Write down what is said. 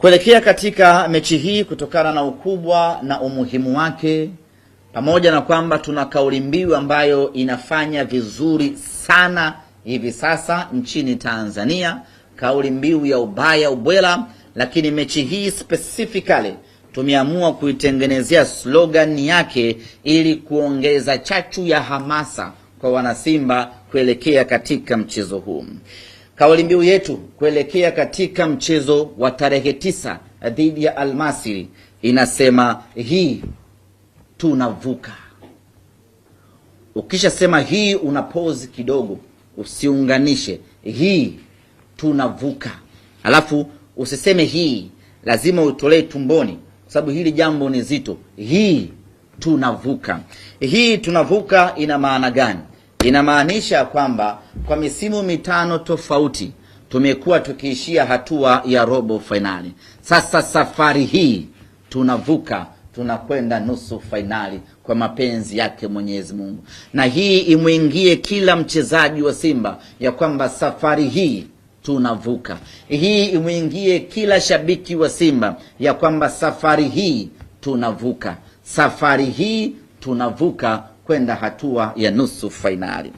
Kuelekea katika mechi hii kutokana na ukubwa na umuhimu wake, pamoja na kwamba tuna kauli mbiu ambayo inafanya vizuri sana hivi sasa nchini Tanzania, kauli mbiu ya ubaya ubwela, lakini mechi hii specifically tumeamua kuitengenezea slogan yake ili kuongeza chachu ya hamasa kwa wanasimba kuelekea katika mchezo huu. Kauli mbiu yetu kuelekea katika mchezo wa tarehe tisa dhidi ya Almasiri inasema hii tunavuka. Ukishasema hii una pause kidogo, usiunganishe hii tunavuka, alafu usiseme hii, lazima utolee tumboni, kwa sababu hili jambo ni zito. Hii tunavuka, hii tunavuka ina maana gani? Inamaanisha kwamba kwa misimu mitano tofauti tumekuwa tukiishia hatua ya robo fainali. Sasa safari hii tunavuka, tunakwenda nusu fainali kwa mapenzi yake Mwenyezi Mungu, na hii imwingie kila mchezaji wa Simba ya kwamba safari hii tunavuka. Hii imwingie kila shabiki wa Simba ya kwamba safari hii tunavuka, safari hii tunavuka kwenda hatua ya nusu fainali.